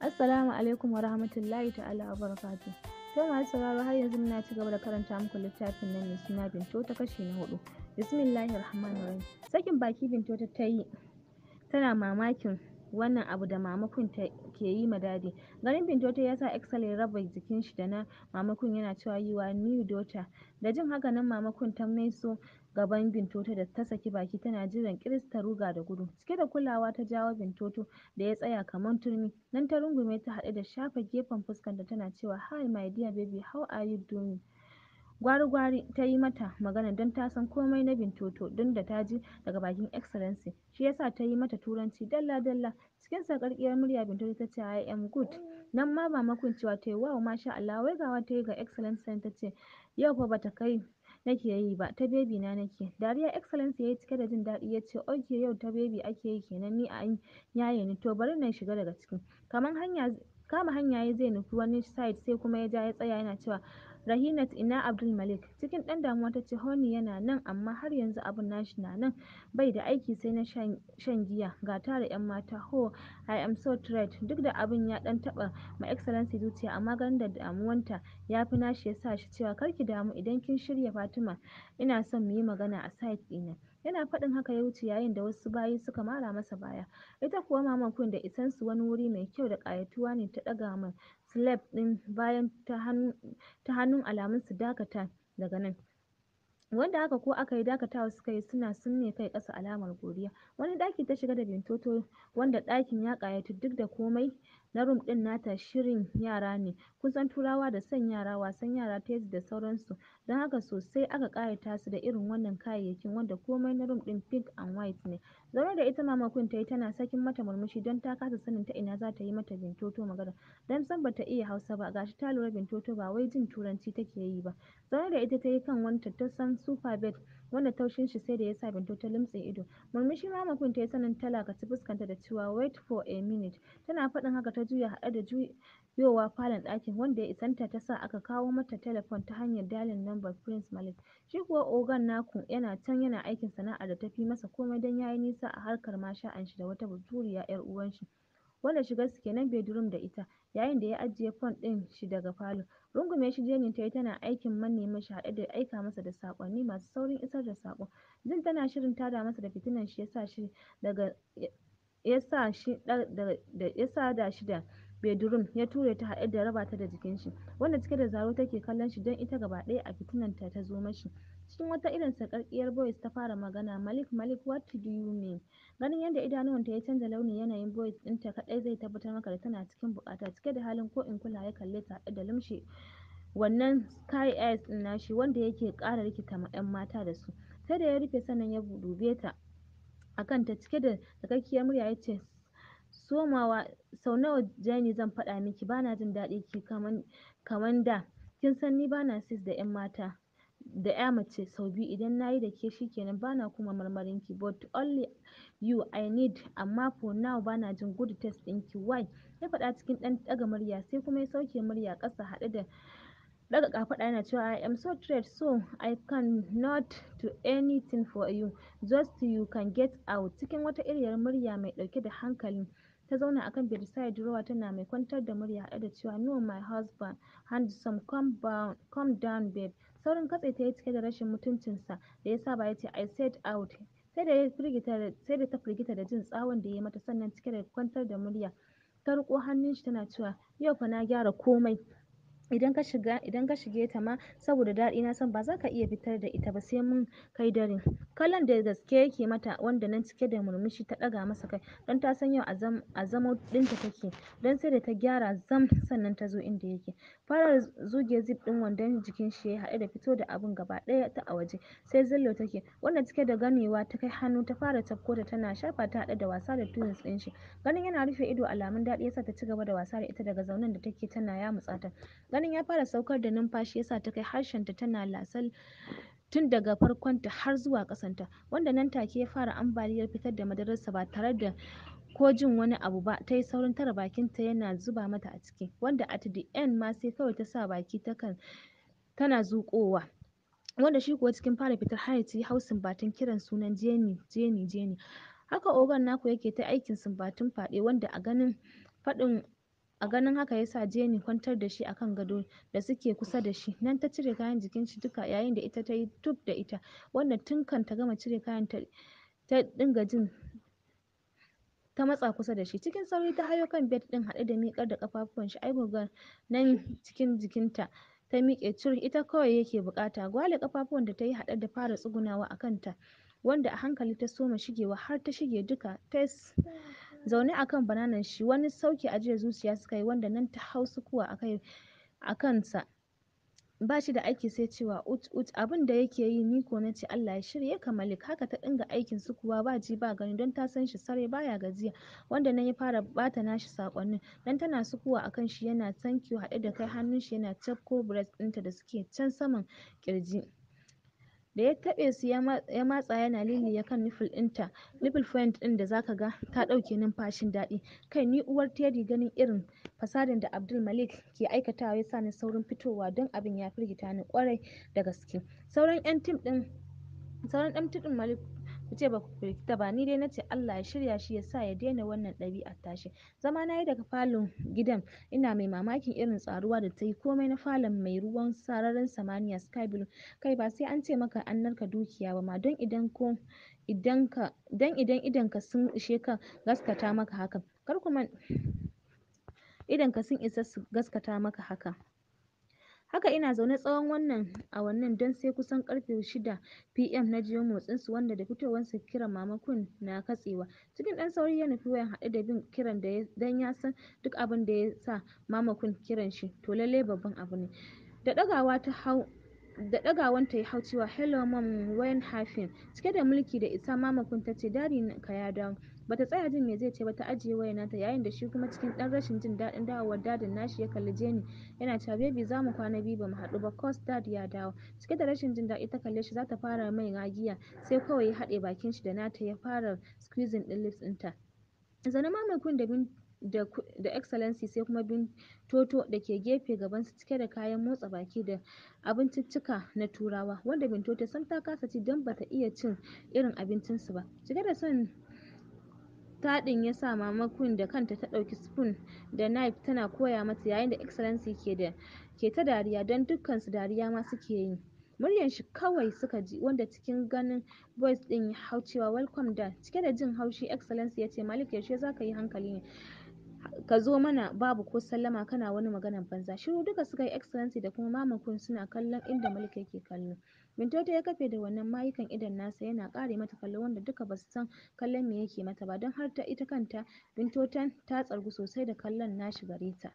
Assalamu alaikum wa rahmatullahi ta'ala wa barakatu. To masu sauraro har yanzu muna ci gaba da karanta muku littafin nan mai suna Binto ta kashi na hudu. Bismillahir Rahmanir Rahim. Sakin baki Binto ta tayi tana mamakin wannan abu da mamakun ta ke yi ma dadi. Garin Binto ta yasa Excel ya raba jikin shi da na mamakun yana cewa yiwa new Dota. Da jin haka nan mamakun ta maiso gaban Bintoto da ta saki baki tana jiran ƙiris ruga da gudu. Cike da kulawa ta jawo Bintoto da ya tsaya kamar turmi, nan ta rungume ta haɗe da shafa gefen fuskanta tana cewa, "Hi my dear baby, how are you doing?" Gwari-gwari ta yi mata magana don ta san komai na Bintoto don da ta ji daga bakin Excellency, shi ya sa ta yi mata Turanci dalla-dalla. Cikin sarƙaƙƙiyar murya Bintoto ta ce, "I am good." Nan ma mamakin cewa ta yi, "Wow, masha Allah!" gawa ta yi ga Excellency ta ce, "Yau fa ba ta kai nake yi ba, ta bebi na nake. Dariya excellence ya yi cike da jin daɗi ya ce, "Ok, yau ta baby ake yi kenan ni an yayi ni, to bari na shiga daga ciki." Kamar hanya Kama hanya ya yi zai nufi wani side sai kuma ya ja ya tsaya yana cewa, "Rahinat, ina Abdulmalik?" Cikin dan damuwa ta ce, honi yana nan amma har yanzu abun nashi na nan, bai da aiki sai na shan giya, ga tara 'yan mata, ho I am so tired." Duk da abin ya ɗan taɓa My Excellency zuciya amma gan da damuwanta ya fi nashi ya sa shi cewa, "Kar ki damu, idan kin shirya Fatima, ina son mu yi magana a site ɗina." Yana faɗin haka ya wuce yayin da wasu bayi suka mara masa baya. Ita kuwa Maman Queen da isansu wani wuri mai kyau da ƙayatuwa ne ta ɗaga ma slap ɗin bayan ta hannun alamun su dakata daga nan. Wanda haka ko aka yi, dakatawa suka yi suna sunne kai ƙasa alamar godiya. Wani ɗaki ta shiga da Bintoto wanda ɗakin ya ƙayatu duk da komai na room ɗin nata shirin yara ne. Kusan Turawa da son yara, wasan yara, yadda da sauransu. Don haka sosai aka ƙayata su da irin wannan kayayyakin wanda komai na room ɗin pink and white ne. Zaune da ita Mama Queen ta yi tana sakin mata murmushi don ta kasa sanin ta ina za ta yi mata Bintoto magana. Don san bata iya Hausa ba, gashi ta lura Bintoto ba wai jin Turanci take yi ba. Zaune da ita ta yi kan wani tattasan super bed wanda taushin shi sai da ya sa Bintu ta lumtse ido. Murmushi ma Queen ta yi sanin ta lakaci fuskanta da cewa wait for a minute. Tana faɗin haka ta juya haɗe da juyowa falon ɗakin wanda ya isanta ta sa aka kawo mata telefon ta hanyar dalin lambar Prince Malik. Shi kuwa ogan naku yana can yana aikin sana'ar da ta fi masa komai don ya yi nisa a harkar masha'an shi da wata baturiya 'yar uwan shi. wanda shigarsu kenan bedroom da ita yayin da ya ajiye phone ɗin shi daga falo Rungume shi jenin ta yi tana aikin manne mashi haɗe da aika masa da saƙonni masu saurin isar da saƙo. Jin tana shirin tada masa da fitinan shi ya sa shi daga shi yasa da shi da bedroom ya ture ta haɗe da raba ta da jikin shi, wanda cike da zaro take kallon shi don ita gaba ɗaya a fitinanta ta zo mashi. Cikin wata irin sakarkiyar Boyce ta fara magana, "Malik, Malik, what do you mean?" Ganin yadda ta ya canza launi yanayin ɗin ta kadai zai tabbatar maka da tana cikin bukata cike da halin ko-in-kula ya kalle ta da lumshe wannan sky eyes ɗin nashi wanda yake kara rikita ma 'yan mata da su. Sai da ya rufe sannan ya dube ta a kanta cike da sakakkiyar murya ya ce, "Sau nawa jani zan faɗa miki bana jin daɗi kaman da, kin san ni bana sis da 'yan mata." da ƴa mace sau biyu idan nayi da ke kenan bana kuma marmarin ki but only you I need amma for now bana jin good taste ɗin ki why ya faɗa cikin ɗan ɗaga murya sai kuma ya sauke murya ƙasa haɗe da ɗaga kafaɗa yana cewa I am so tired so I not do anything for you just you can get out cikin wata iriyar murya mai ɗauke da hankali Ta zauna a kan bedside drawer tana mai kwantar da murya haɗe da cewa, "No, my husband handsome, come down babe." Saurin katse ta yi cike da rashin mutuncinsa da ya saba ya ce, "I said out." Sai da ta firgita da jin tsawon da ya yi mata sannan cike da kwantar da murya ta riƙo hannun shi tana cewa, "Yau fa na gyara komai." idan ka shiga idan ka shige ta ma saboda daɗi na san ba za ka iya fitar da ita ba sai mun kai dare kalan da gaske yake mata wanda nan cike da murmushi ta ɗaga masa kai don ta san yau a azamo ɗinta take don sai da ta gyara zam sannan ta zo inda yake farar zuge zip ɗin wandon jikin shi ya haɗe da fito da abun gaba ɗaya ta a waje sai zillo take wanda cike da ganewa ta kai hannu ta fara tafko ta tana shafa ta haɗe da wasa da tunis ɗin shi ganin yana rufe ido alamun daɗi yasa ta ci gaba da wasa da ita daga zaunen da take tana ya ta Ganin ya fara saukar da numfashi yasa ta kai harshenta tana lasal tun daga farkonta har zuwa ƙasanta, wanda nan take ya fara ambaliyar fitar da madararsa ba tare da ko jin wani abu ba ta yi saurin tare bakinta yana zuba mata a ciki wanda at the end ma sai kawai ta sa baki takan tana zuƙowa wanda shi kuwa cikin fara fitar har ya hau sumbatun kiran sunan jeni jeni jeni haka ogan naku yake ta aikin sumbatun faɗe wanda a ganin faɗin A ganin haka ya sa jeni kwantar da shi a kan gado da suke kusa da shi, nan ta cire kayan jikin shi duka yayin da ita ta yi tuf da ita, wanda tun kan ta gama cire kayan ta dinga jin ta matsa kusa da shi. Cikin sauri ta hayo kan bed ɗin haɗe da miƙar da ƙafafuwan shi, ai nan cikin jikinta ta miƙe cur, ita kawai yake buƙata. Gwale ƙafafuwan da ta yi haɗe da fara tsugunawa a kanta, wanda a hankali ta soma shigewa har ta shige duka tas. zaune a kan bananan shi wani sauke ajiyar zuciya suka yi wanda nan ta hau sukuwa a kansa ba shi da aiki sai cewa ut ut abin da yake yi ni ko na ce Allah ya shirye ka malik haka ta dinga aikin sukuwa kuwa ba ji ba gani don ta san shi sare baya gajiya wanda nan ya fara bata nashi sakonnin dan tana sukuwa akan shi yana thank you haɗe da kai hannun shi yana tafko breast ɗinta da suke can saman kirji da ya taɓe su ya matsa yana liliya kan nipple ɗinta nipple point ɗin da zaka ga ta ɗauke numfashin daɗi kai ni uwar Teddy ganin irin fasadin da Abdul Malik ke aikatawa ya sa ni saurin fitowa don abin ya firgita ni ƙwarai da gaske sauran 'yan tim ɗin sauran ɗin Malik ku ce ba ku firgita ba ni dai nace Allah ya shirya shi ya sa ya daina wannan ɗabi'ar tashi zama na yi daga falon gidan ina mai mamakin irin tsaruwa da ta yi komai na falon mai ruwan sararin samaniya sky blue kai ba sai an ce maka an narka dukiya ba ma don idan ko idan ka don idan ka sun ishe ka gaskata maka hakan kar ka sun isa su gaskata maka hakan Haka ina zaune tsawon wannan awannin don sai kusan karfe 6 p.m. na jiyo su wanda da su kiran Mama na katsewa. Cikin dan sauri ya nufi wayan hade da bin kiran don ya san duk abin da ya sa Mama kiran shi, to lallai babban abu ne. Da dagawa ta hau da ta ya hau cewa, "Hello mum, when happen Cike da mulki da isa Mama ta ce, dari ka ya dawo." Bata tsaya jin me zai ce ba ta ajiye wayar nata yayin da shi kuma cikin ɗan rashin jin daɗin dawowar dadin nashi ya kalli Jenny yana cewa "Baby za kwana biyu ba mu haɗu ba cos dad ya dawo." Cike da rashin jin daɗi ta kalle shi za ta fara mai magiya sai kawai ya haɗe bakin shi da nata ya fara squeezing ɗin lips ɗinta. Zaune mamakun da bin da Excellency sai kuma Bintoto da ke gefe gaban su cike da kayan motsa baki da abinciccika na Turawa, wanda Bintoto sam ta kasa ci don bata iya cin irin abincinsu ba. Cike da son Taɗin ya sa Mama da kanta ta ɗauki spoon da knife tana koya mata yayin da Excellency ke ta dariya don dukkansu dariya ma suke yi. muryan shi kawai suka ji, wanda cikin ganin Boys ɗin ya hau cewa "Welcome Dad," cike da jin haushi Excellency ya ce, "Malik yaushe za ka yi hankali ne? Ka zo mana babu ko sallama kana wani maganar banza." Shiru duka suka yi Excellency da kuma mamakun suna kallon inda Malik yake kallo. Bintoto ya kafe da wannan mayukan idon nasa yana ƙare mata kallo wanda duka ba su san kallon me yake mata ba don har ta ita kanta Bintoton ta tsargu sosai da kallon nashi gare ta.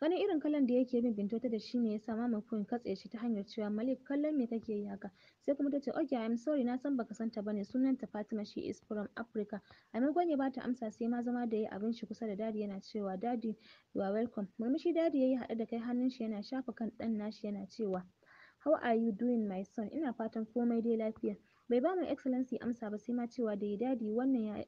Ganin irin kallon da yake bin Bintoto da shi ne ya sa Maman ka katse shi ta hanyar cewa Malik kallon me kake yi haka? Sai kuma ta ce okay I'm sorry na san baka santa bane sunanta Fatima she is from Africa. A maimakon ya ta amsa sai ma zama da yi abin shi kusa da dadi yana cewa dadi you are welcome. Murmushi dadi yayi haɗe da kai hannun shi yana shafa kan ɗan nashi yana cewa How are you doing my son? Ina fatan komai dai lafiya. Bai ba mai Excellency amsa ba sai ma cewa da dadi wannan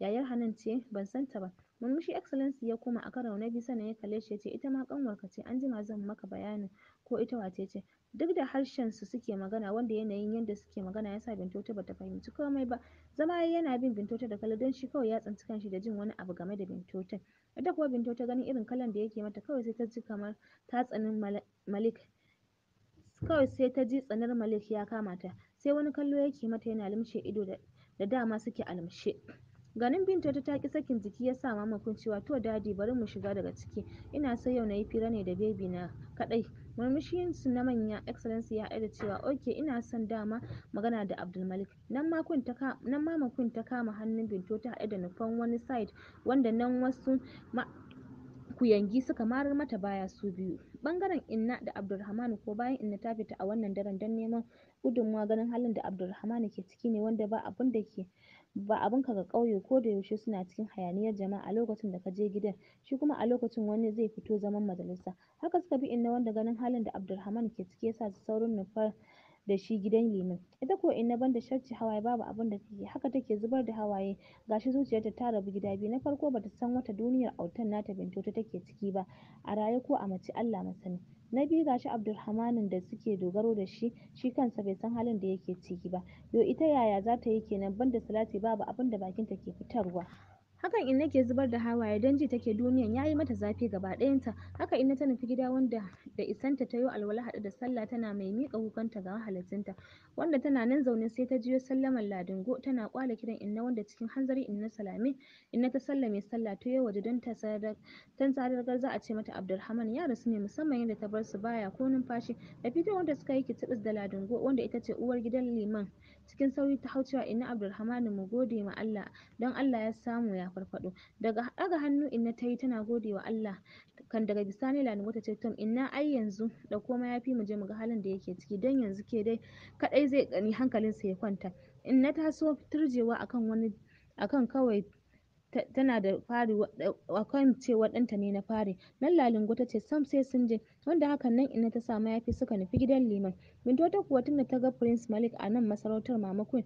yayar Hanan ce ban san ta ba. Murmushi Excellency ya koma a karo na biyu sannan ya kalle shi ya ce ita ma kanwarka ce an jima zan maka bayanin ko ita wace ce. Duk da harshen su suke magana wanda yanayin yadda suke magana yasa sa Bintoto bata fahimci komai ba. Zama yana bin Bintoto da kallo don shi kawai ya tsinci kanshi da jin wani abu game da bintoto. Ita kuwa Bintoto ganin irin kallon da yake mata kawai sai ta ji kamar ta tsani Malik Kawai sai ta ji tsanar Malik ya kama ta, sai wani kallo yake mata yana limshe ido da dama suke a Ganin Binta ta ki sakin jiki ya sa mamakon cewa to dadi bari mu shiga daga ciki, ina so yau na yi fira ne da baby na kadai kaɗai. su na manya Excellency ya haɗe da cewa okay ina son dama magana da Abdulmalik. Nan mamakon ta kama hannun Binto ta haɗe da nufan wani side wanda nan wasu Ku yangi suka marar mata baya su biyu Bangaren inna da abdulrahman ko bayan inna ta fita a wannan daren don neman gudunmawa ganin halin da abdulrahman ke ciki ne wanda ba abun da ke ba abin ka ga ƙauye ko da yaushe suna cikin hayaniyar jama'a a lokacin da ka je gidan shi kuma a lokacin wani zai fito zaman majalisa haka suka bi inna wanda ganin halin da abdulrahman ke ciki sa su saurin nufar da shi gidan liman. Ita ko na banda sharci hawaye babu abun da take haka take zubar da hawaye gashi zuciyarta ta rabu gida biyu na farko bata san wata duniyar autan nata ta take ciki ba a raye ko a mace Allah masani. Na biyu gashi Abdulrahmanin da suke dogaro da shi shi kansa bai san halin da yake ciki ba. Yo ita yaya za ta yi kenan banda salati babu abun da bakinta ke fitarwa. Hakan inna ke zubar da hawaye don ji take duniyan yayi mata zafi gaba ɗayanta. Haka inna ta nufi gida wanda da isanta ta yo alwala haɗe da sallah tana mai miƙa kukanta ga mahalicinta. Wanda tana nan zaune sai ta jiyo sallamar Ladingo tana ƙwala kiran inna wanda cikin hanzari inna salame inna ta sallame sallah ta yo waje don ta sadar za a ce mata abdulhaman. ya rasu ne musamman yadda ta bar su baya ko numfashi. Da fitowar da suka yi kitibis da Ladingo wanda ita ce uwar gidan liman. cikin sauri ta hau cewa inna Abdulrahmanu mu gode ma Allah don Allah ya samu ya farfaɗo daga ɗaga hannu inna ta yi tana gode wa Allah kan daga bisani la ta ce Tom inna ai yanzu da koma ya fi mu mu ga halin da yake ciki don yanzu ke dai kaɗai zai gani hankalinsa ya kwanta inna ta so turjewa akan wani akan kawai tana da fari a kan cewa ɗanta ne na fari nan lalingo ta ce sam sai sun je wanda hakan nan ina ta samu yafi suka nufi gidan liman bindo ta kuwa tunda ta ga prince malik a nan masarautar mama queen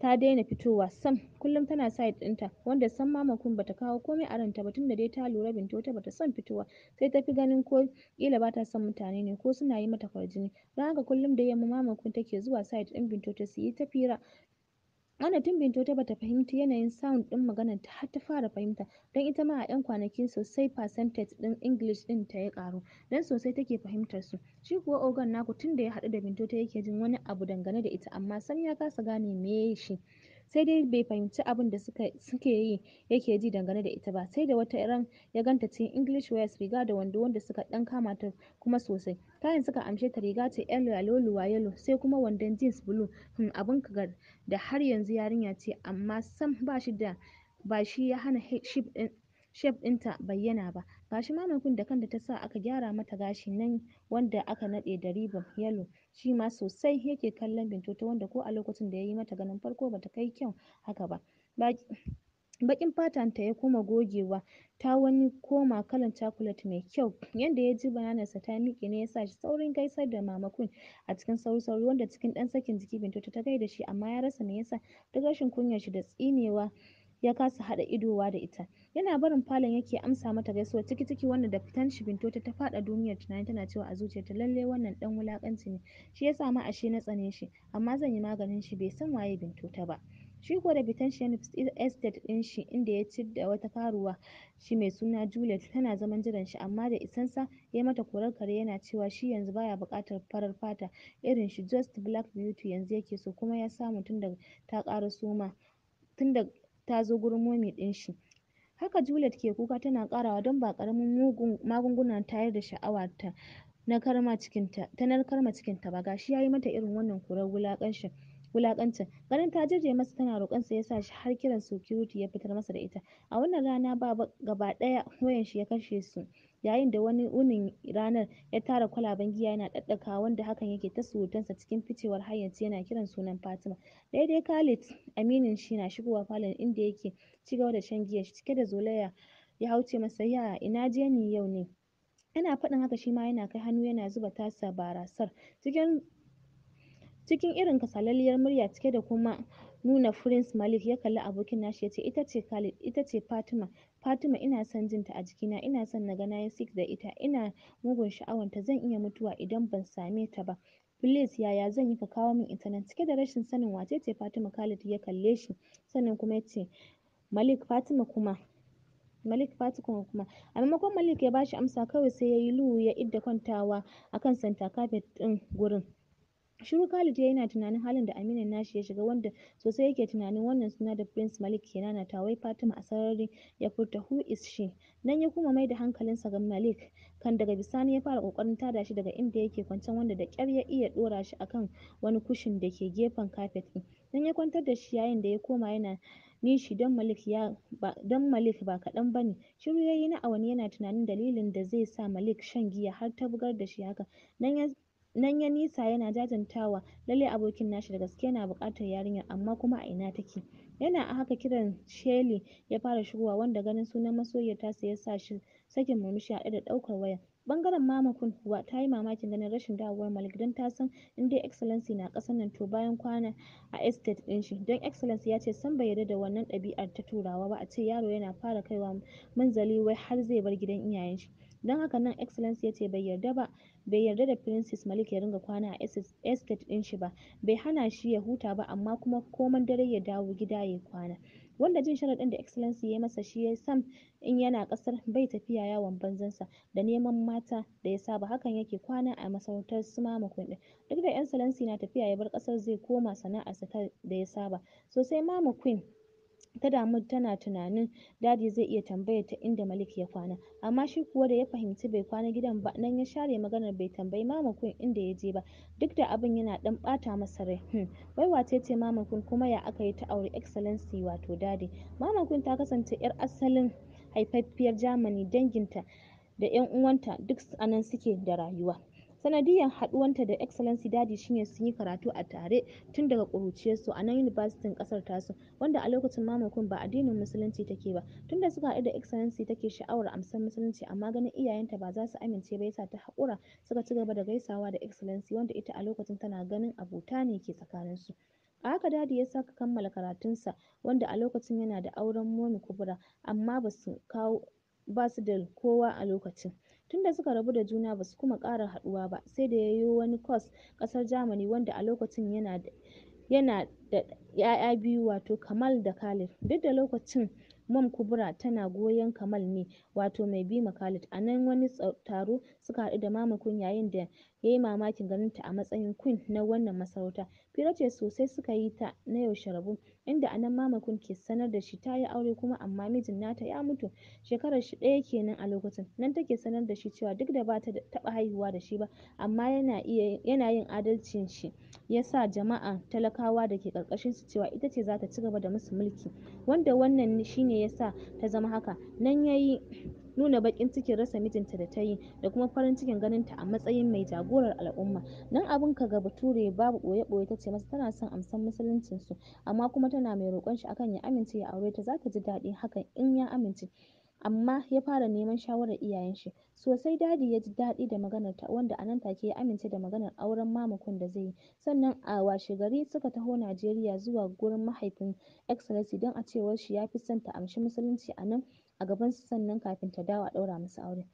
ta daina fitowa sam kullum tana side ɗinta wanda sam mama queen bata kawo komai a ranta ba tunda dai ta lura binto ta bata son fitowa sai ta fi ganin ko kila bata son mutane ne ko suna yi mata kwarjini don haka kullum da yamma mama queen take zuwa side ɗin binto ta su yi ta fira Ana tun Bintoto bata fahimci yanayin sound ɗin ta har ta fara fahimta, don ita ma a 'yan kwanakin sosai fasantaj ɗin Ingilish ta ya ƙaru, don sosai take fahimtar su shi kuwa ogan naku tun da ya haɗu da ta yake jin wani abu dangane da ita amma sam ya kasa gane me shi. sai dai bai fahimci abin da suke yi yake ji dangane da ita ba sai da wata ran ya ganta cikin english wears riga da wando wanda suka dan kama ta kuma sosai kayan suka amshe ta riga ce yar loluwa yalo sai kuma wandon jeans blue hmm, abin kagar da har yanzu yarinya ce amma sam ba shi da ba shi ya hana ship ɗin. shape ɗinta bayyana ba. gashi shi ma maikun da kanta ta sa aka gyara mata gashi nan wanda aka naɗe da ribon yalo shi ma sosai yake kallon Bintoto wanda ko a lokacin da ya yi mata ganin farko bata kai kyau haka ba. Baƙin ta ya kuma gogewa ta wani koma kalan cakulet mai kyau. Yanda ya ji bananarsa ta miƙe ne ya sa shi saurin gaisar da Mama kun a cikin sauri-sauri wanda cikin ɗan sakin jiki Bintoto ta da shi amma ya rasa me yasa duk rashin kunyar shi da tsinewa ya kasa haɗa idowa da ita. Yana barin falon yake amsa mata gaisuwar ciki-ciki wanda da fitan shi ta faɗa duniyar tunani tana cewa a ta lalle wannan dan wulakanci ne. Shi yasa ma ashe na tsane shi amma zan yi maganin shi bai san waye Binto ta ba. Shi ko da fitan shi ya estate ɗin shi inda ya ci da wata karuwa shi mai suna Juliet tana zaman jiran shi amma da isansa ya mata korar kare yana cewa shi yanzu baya buƙatar farar fata irin shi just black beauty yanzu yake so kuma ya samu tunda ta ƙara suma tunda ta zo gurin momi ɗin shi. Haka Juliet ke kuka tana karawa don ba ƙaramin magungunan tayar da sha'awa ta narkar ma cikinta ba, gashi ya yi mata irin wannan kurar shi. wulakancin ganin ta jirje masa tana roƙon sa yasa shi har kiran security ya fitar masa da ita a wannan rana baba gaba ɗaya wayan shi ya kashe su yayin da wani unin ranar ya tara kwalaban giya yana daddaka wanda hakan yake ta surutansa cikin ficewar hayyaci yana kiran sunan Fatima daidai Khalid aminin shi na shigowa falon inda yake cigaba da shan giya shi cike da zolaya ya hauce masa ya ina je ni yau ne yana faɗin haka shi ma yana kai hannu yana zuba tasa barasar cikin Cikin irin kasalalliyar murya cike da kuma nuna Prince Malik ya kalli abokin nashi ya ce, "Ita ce Khalid, ita Fatima, Fatima ina son jinta ta a jikina, ina son na ga na sik sex da ita, ina mugun sha'awanta zan iya mutuwa idan ban same ta ba. Please yaya zan yi ka kawo min ita nan?" Cike da rashin sanin wace ce Fatima Khalid ya kalle shi sannan kuma ya ce, "Malik Fatima kuma." Malik Fatima kuma a maimakon Malik ya bashi amsa kawai sai ya yi luhu ya idda kwantawa akan santa kafet din gurin. Shiru Khalid ya yana tunanin halin da aminu nashi ya shiga wanda sosai yake tunanin wannan suna da Prince Malik ke ta wai Fatima a sarari ya furta who is she? Nan ya kuma mai da hankalinsa ga Malik kan daga bisani ya fara kokarin tada shi daga inda yake kwancen wanda da kyar ya iya dora shi akan wani kushin da ke gefen kafet din. Nan ya kwantar da shi yayin da ya koma yana nishi don Malik ya don Malik ba kaɗan ba ne. Shiru yayi yi na awani yana tunanin dalilin da zai sa Malik shan giya har ta bugar da shi haka. Nan ya Nan ya nisa yana jajantawa lallai abokin nashi da gaske yana buƙatar yarinyar amma kuma a ina take. Yana a haka kiran Shelly ya fara shigowa wanda ganin sunan masoyiyar tasa ya sa shi sakin murmushi haɗe da ɗaukar waya. bangaren Mama Kun kuwa ta yi mamakin ganin rashin dawowar Malik don ta san in dai Excellency na ƙasar nan to bayan kwana a estate ɗin shi, don Excellency ya ce sam bai yarda da wannan ɗabi'ar ta Turawa ba a ce yaro yana fara kaiwa munzali wai har zai bar gidan iyayen shi. Don haka nan Excellency ya ce bai yarda ba bai yarda da Princess Malik ya ringa kwana a estate ɗin shi ba bai hana shi ya huta ba amma kuma komai dare ya dawo gida ya kwana wanda jin sharaɗin da excellency ya masa shi ya sam in yana ƙasar bai tafiya yawon banzansa da neman mata da ya saba hakan yake kwana a masarautar su mama ɗin duk da excellency na tafiya ya bar ƙasar zai koma sana'arsa da ya saba sosai mama queen ta damu tana tunanin Dadi zai iya tambayar ta inda Malik ya kwana, amma shi kuwa da ya fahimci bai kwana gidan ba nan ya share maganar bai tambayi mamakun inda ya je ba, duk da abin yana ɗan bata masa rai. Hmm. Wai wace ce mamakun kuma ya aka yi ta auri Excellency wato Dadi? mamakun ta kasance 'yar asalin haifaffiyar Germany danginta da 'yan uwanta duk anan suke da rayuwa. sanadiyar haɗuwanta da excellency dadi shine sun yi karatu a tare tun daga ƙuruciyarsu a nan yunibasitin ƙasar tasu wanda a lokacin mamakon ba addinin musulunci take ba tunda suka haɗu da excellency take sha'awar amsar musulunci amma ganin iyayenta ba za su amince ba yasa ta haƙura suka ci gaba da gaisawa da excellency wanda ita a lokacin tana ganin abota ne ke tsakaninsu a haka dadi ya saka kammala karatun sa wanda a lokacin yana da auren momi kubura amma ba kawo ba su da kowa a lokacin Tunda suka rabu da juna basu kuma ƙara haɗuwa ba, sai da ya yo wani kwas ƙasar Germany wanda a lokacin yana da 'ya'ya biyu wato Kamal da Khalid. Duk da lokacin Mom kubura tana goyon Kamal ne wato mai bi ma Khalid. A nan wani taro suka haɗu da Mama yayin da ya yi mamakin ganinta a matsayin Queen na wannan masarauta. Fira ce sosai suka yi ta na yaushe rabo, inda a nan Mama Queen ke sanar da shi ta yi aure kuma amma mijin nata ya mutu. Shekarar shi ɗaya kenan a lokacin. Nan take sanar da shi cewa duk da ba ta taɓa haihuwa da shi ba, amma yana iya yana yin adalcin shi ya sa jama'a talakawa da ke ƙarƙashin su cewa ita ce za ta ci gaba da musu mulki, wanda wannan shi ne ya sa ta zama haka. Nan ya yi nuna baƙin cikin rasa mijinta da ta yi da kuma farin cikin ganinta a matsayin mai jagorar al'umma nan abin ka ga bature babu ɓoye boye ta ce masa tana son amsan musuluncin su amma kuma tana mai roƙon shi akan ya amince ya aure ta zata ji daɗi hakan in ya amince amma ya fara neman shawarar iyayen shi sosai dadi ya ji daɗi da maganar ta wanda anan take ya amince da maganar auren mamakon da zai yi sannan a washe gari suka taho Najeriya zuwa gurin mahaifin excellency don a cewar shi ya fi son ta amshi musulunci a nan a gaban su sannan kafin ta dawo a ɗaura musu aure